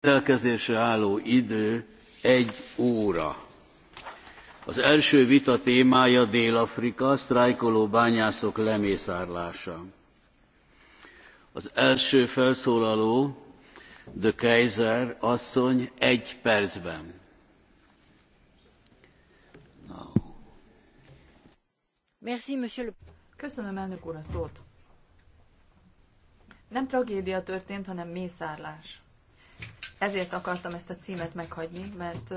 rendelkezésre álló idő egy óra. Az első vita témája Dél-Afrika, sztrájkoló bányászok lemészárlása. Az első felszólaló The Kaiser asszony egy percben. Merci, monsieur le... Köszönöm elnök úr a szót. Nem tragédia történt, hanem mészárlás. Ezért akartam ezt a címet meghagyni, mert